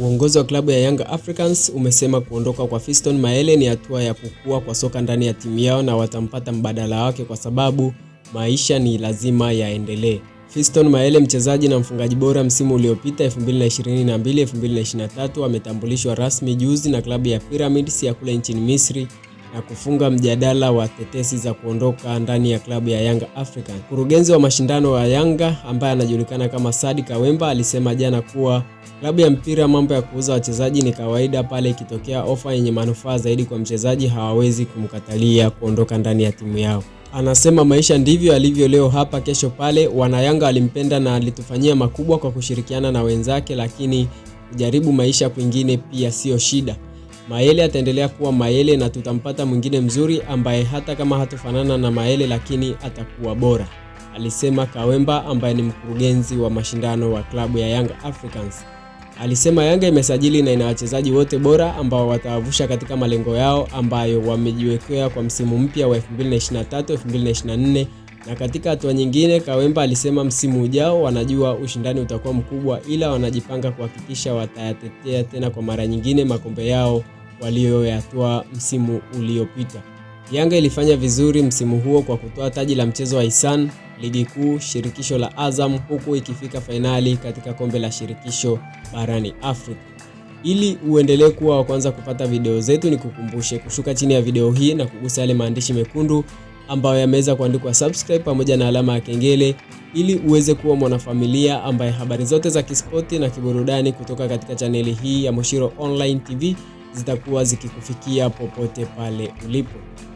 Uongozi wa klabu ya Young Africans umesema kuondoka kwa Fiston maele ni hatua ya kukua kwa soka ndani ya timu yao na watampata mbadala wake kwa sababu maisha ni lazima yaendelee. Fiston maele mchezaji na mfungaji bora msimu uliopita 2022-2023, ametambulishwa rasmi juzi na klabu ya Pyramids ya kule nchini Misri na kufunga mjadala wa tetesi za kuondoka ndani ya klabu ya Yanga African. Mkurugenzi wa mashindano wa Yanga ambaye anajulikana kama Sadi Kawemba alisema jana kuwa klabu ya mpira mambo ya kuuza wachezaji ni kawaida, pale ikitokea ofa yenye manufaa zaidi kwa mchezaji hawawezi kumkatalia kuondoka ndani ya timu yao. Anasema maisha ndivyo alivyo, leo hapa, kesho pale. Wanayanga alimpenda na alitufanyia makubwa kwa kushirikiana na wenzake, lakini kujaribu maisha kwingine pia siyo shida. Mayele ataendelea kuwa Mayele na tutampata mwingine mzuri ambaye hata kama hatofanana na Mayele lakini atakuwa bora, alisema Kawemba ambaye ni mkurugenzi wa mashindano wa klabu ya Young Africans. Alisema Yanga imesajili na ina wachezaji wote bora ambao watawavusha katika malengo yao ambayo wamejiwekea kwa msimu mpya wa 2023-2024 na katika hatua nyingine, Kawemba alisema msimu ujao wanajua ushindani utakuwa mkubwa, ila wanajipanga kuhakikisha watayatetea tena kwa mara nyingine makombe yao waliyoyatoa msimu uliopita. Yanga ilifanya vizuri msimu huo kwa kutoa taji la mchezo wa Hisani, ligi kuu, shirikisho la Azam, huku ikifika fainali katika kombe la shirikisho barani Afrika. Ili uendelee kuwa wa kwanza kupata video zetu, ni kukumbushe kushuka chini ya video hii na kugusa yale maandishi mekundu ambayo yameweza kuandikwa subscribe pamoja na alama ya kengele ili uweze kuwa mwanafamilia ambaye habari zote za kispoti na kiburudani kutoka katika chaneli hii ya Moshiro Online TV zitakuwa zikikufikia popote pale ulipo.